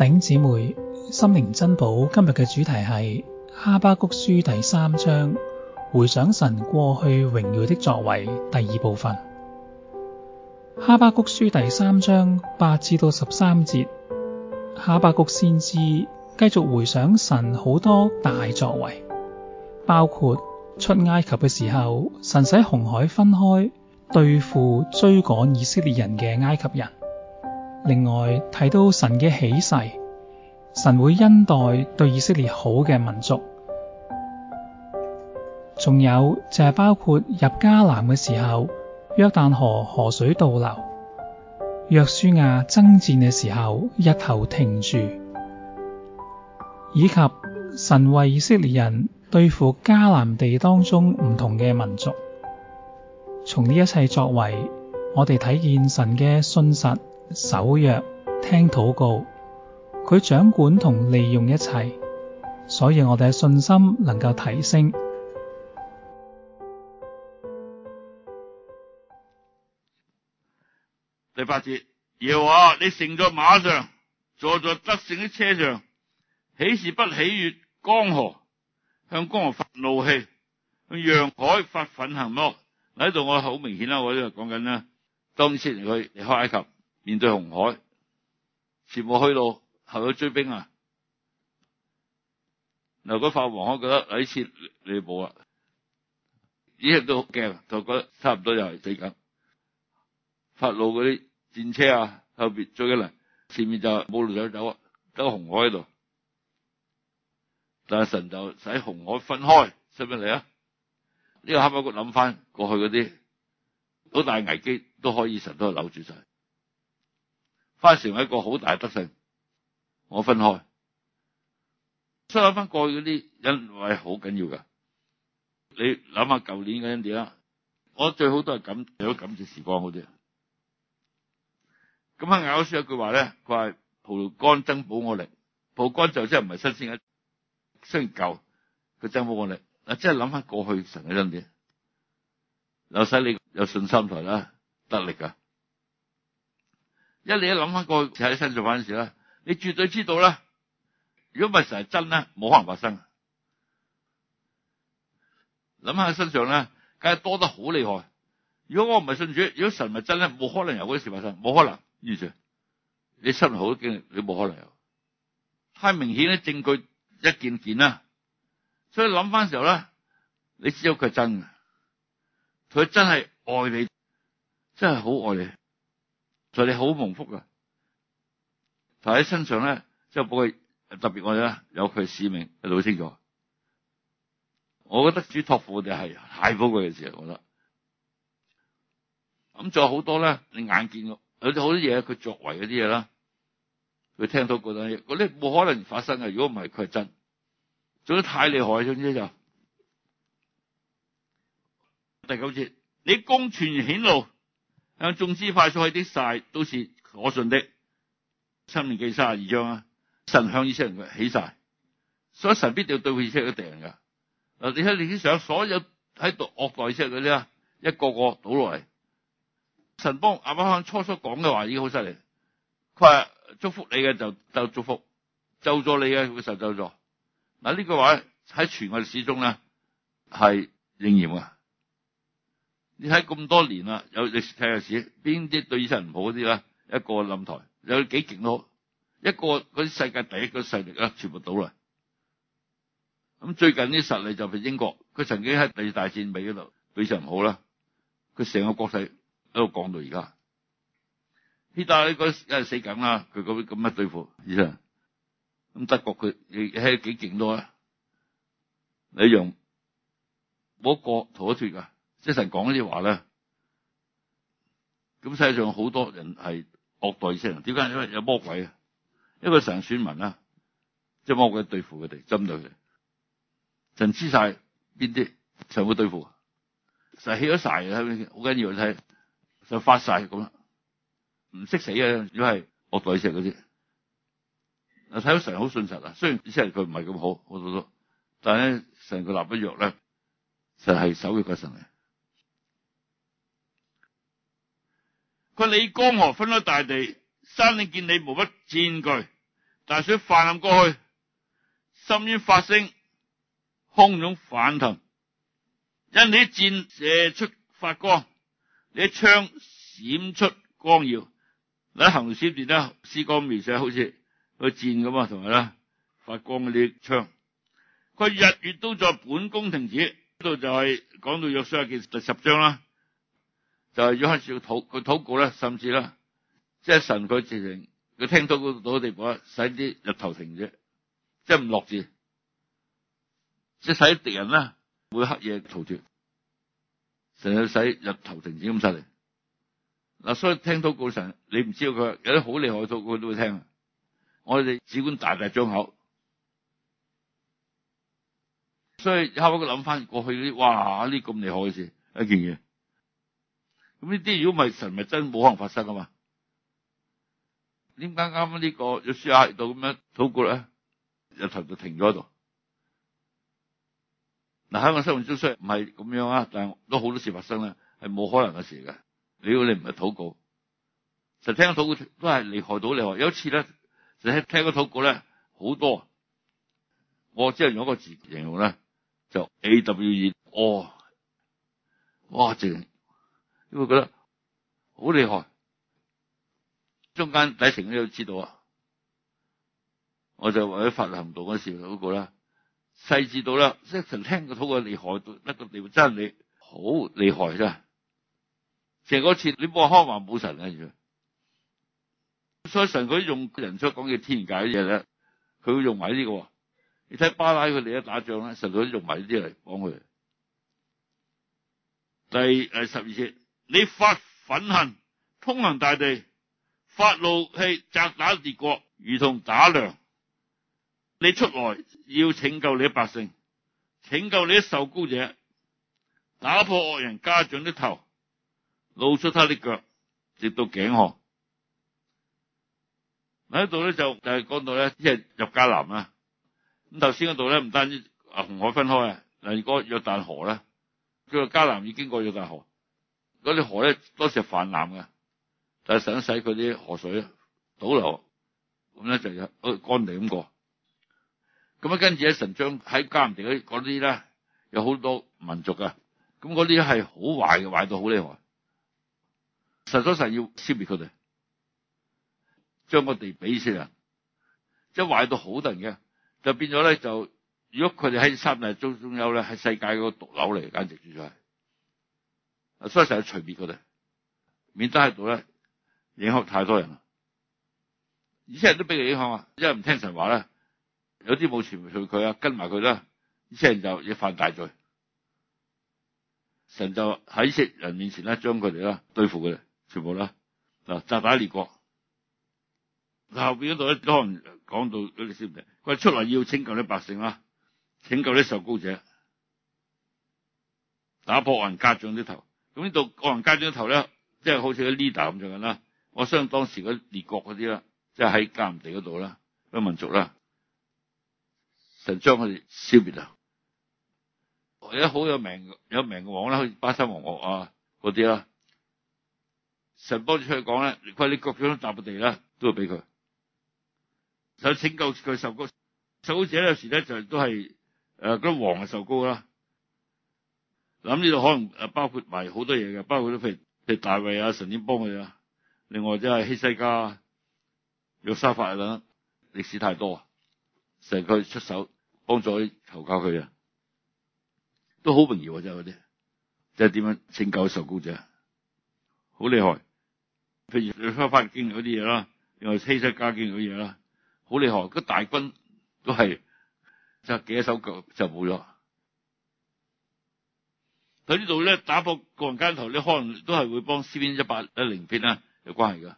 頂姐妹心靈珍寶今日嘅主題係《哈巴谷書》第三章，回想神過去榮耀的作為第二部分。《哈巴谷書》第三章八至到十三節，哈巴谷先知繼續回想神好多大作為，包括出埃及嘅時候，神使紅海分開，對付追趕以色列人嘅埃及人。另外睇到神嘅起誓。神會恩待對以色列好嘅民族，仲有就係、是、包括入迦南嘅時候，約旦河河水倒流；約書亞爭戰嘅時候，日頭停住；以及神為以色列人對付迦南地當中唔同嘅民族。從呢一切作為，我哋睇見神嘅信實、守約、聽禱告。佢掌管同利用一切，所以我哋嘅信心能夠提升。第八節，耶和華你乘在馬上，坐在得勝嘅車上，豈是不喜悅江河，向江河發怒氣，向洋海發憤恨咯。喺度 我好明顯啦，我呢度講緊啦，當先佢離開埃及，面對紅海，全部去到。後尾追兵啊！嗱，果法王可覺得好次你冇啊呢一都好驚，就覺得差唔多又係死緊。法老嗰啲戰車啊，後邊追緊嚟，前面就冇路想走啊，得紅海喺度。但係神就使紅海分開，使畀你嚟啊？呢、這個哈巴谷諗翻過去嗰啲好大危機，都可以神都係扭住晒，翻成一個好大嘅得勝。我分開，所以諗翻過去嗰啲恩惠好緊要噶。你諗下舊年嗰陣點我最好都係感有感受時光好啲。咁喺咬書有句話咧，佢話葡萄乾增補我力。葡萄乾就真係唔係新鮮嘅，雖然舊，佢增補我力。嗱，真係諗翻過去神嘅恩典。老細你有信心台啦得力噶。一你一諗翻過去喺新造版嗰時咧。你絕對知道啦，如果唔係神係真咧，冇可能發生。諗下佢身上咧，梗係多得好厲害。如果我唔係信主，如果神唔係真咧，冇可能有嗰啲事發生，冇可能。記住，你身好多經歷，你冇可能有。太明顯嘅證據一件件啦，所以諗翻嘅時候咧，你知道佢係真嘅，佢真係愛你，真係好愛你，就你好蒙福噶。就喺身上咧，即係保佢特別我哋咧，有佢使命，睇老清楚。我覺得主託付我哋係太寶貴嘅事，我覺得。咁仲有好多咧，你眼見嘅有啲好多嘢，佢作為嗰啲嘢啦，佢聽到覺得嗰啲冇可能發生啊，如果唔係佢係真，做得太厲害，總之就第九節，你弓全然顯露，向眾支派所起的誓，都是可信的。申命記三十二章啊！神向以色列人起誓，所以神必定要對以色列嘅敵人㗎。嗱，你睇歷史上所有喺度惡待以色列嗰啲啊，一個個倒落嚟。神幫亞伯拉罕初初講嘅話已經好犀利，佢話祝福你嘅就就祝福，咒咗你嘅會受咒咗。嗱，呢句話喺全個歷史中咧係應驗啊！你睇咁多年啦，有歷史睇下史，邊啲對以色列唔好啲咧？一個冧台。有幾勁都好，一個嗰啲世界第一個勢力啊，全部倒啦。咁最近啲實力就係英國，佢曾經喺第二次大戰尾嗰度非常好啦。佢成個國勢一路降到而家，希特勒嗰一日死梗啦。佢咁咁樣對付，而家咁德國佢亦係幾勁多啊。李陽冇國逃脫噶，即係成日講呢啲話咧。咁世界上好多人係。惡袋性，點解？因為有魔鬼啊，因為成個選民啊，即係魔鬼對付佢哋，針對佢。神知晒邊啲神會對付、啊，就起咗晒，好緊要你睇，就發晒咁啦。唔識死嘅、啊，如果係惡袋性嗰啲。睇到神好信實啊，雖然以前佢唔係咁好，但係咧，神佢立咗約咧，就係守約嘅神嚟。不理，江河分開大地，山嶺見你無不戰懼；大水泛濫過去，深淵發聲，洶湧翻騰。因你啲箭射出發光，你啲槍閃出光耀。喺行詩段咧，詩歌描寫好似個箭咁啊，同埋咧發光嘅啲槍。佢日月都在本宮停止，呢度就係講到約書亞記第十章啦。就係、是、開始去禱，去禱告咧，甚至啦，即係神佢自令，佢聽到嗰度嘅地方，使啲日頭停止，即係唔落字，即係使啲敵人咧會黑夜逃脫，神洗日使日頭停止咁犀利嗱，所以聽禱告神，你唔知道佢有啲好厲害嘅禱告都會聽，我哋只管大大張口，所以後尾佢諗翻過去嗰啲，哇呢咁厲害嘅事，一件嘢。咁呢啲如果唔係神，咪真冇可能發生噶嘛？點解啱啱呢個要書亞熱道咁樣禱告咧？日頭就停咗喺度。嗱，香港新聞消息唔係咁樣啊，但係都好多事發生咧，係冇可能嘅事嘅。如果你唔係禱告，就聽禱告都係利害到你。我有一次咧，就聽個禱告咧好多，我只係用一個字形容咧，就 A W E。哦，哇正！因為覺得好厲害，中間底成都知道啊，我就話喺法律行動嗰時嗰個啦，細緻到啦，即神聽個土話厲害得到，一個地步真係好厲害真成嗰次你冇話科幻冇神啊，所以神佢用人所講嘅天界啲嘢咧，佢會用埋、這、呢個，你睇巴拉佢哋一打仗咧，神佢都用埋呢啲嚟幫佢，第，二第十二節。你發憤恨，通行大地；發怒氣，責打列國，如同打糧。你出來要拯救你啲百姓，拯救你啲受膏者，打破惡人家長的頭，露出他啲腳，直到頸項。嗱，呢度咧就是，就係講到咧，即係入迦南啊，咁頭先嗰度咧唔單止啊紅海分開啊，嗱，如果約旦河咧，佢個迦南已經過約旦河。嗰啲河咧多時係泛濫嘅，但係想使佢啲河水倒流，咁咧就有乾地咁過。咁啊，跟住咧神將喺迦南地嗰啲咧，有好多民族嘅，咁嗰啲係好壞嘅，壞到好厲害。神所神要消滅佢哋，將個地俾先人，即係壞到好突然嘅，就變咗咧就，如果佢哋喺三日中中優咧，喺世界嗰個毒瘤嚟，簡直就係所以成日隨便佢哋，免得喺度咧影響太多人啦。而且人都俾佢影響啊，因為唔聽神話咧，有啲冇全盤去佢啊，跟埋佢啦。而且人就要犯大罪，神就喺食人面前咧，將佢哋咧對付佢哋，全部咧嗱責打列國。但後邊嗰度都可能講到你先唔知？佢出嚟要拯救啲百姓啦，拯救啲受膏者，打破人家長啲頭。咁呢度惡人家長頭呢，即係好似個 leader 咁做緊啦。我相信當時嗰列國嗰啲啦，即係喺隔唔地嗰度啦，啲、那個、民族啦，神將佢哋消滅啦。而家好有名有名嘅王啦，好似巴沙王國啊嗰啲啦，神幫住出去講咧，虧你各樣雜嘅地啦，都會俾佢。就拯救佢受膏受膏者咧，有時呢，就都係誒嗰啲王係受膏啦。諗呢度可能啊，包括埋好多嘢嘅，包括咗譬如譬如大衛啊，神點幫佢啊？另外即係希西家、約沙法啊，歷史太多啊！成個出手幫助求教佢啊，都好榮耀啊！即係嗰啲，即係點樣拯救受膏者，好厲害。譬如約沙法經嗰啲嘢啦，又希西家經嗰啲嘢啦，好厲害。個大軍都係即係幾多手腳就冇咗。喺呢度咧打破惡人家長頭咧，可能都係會幫詩篇一百一十篇啦有關係噶。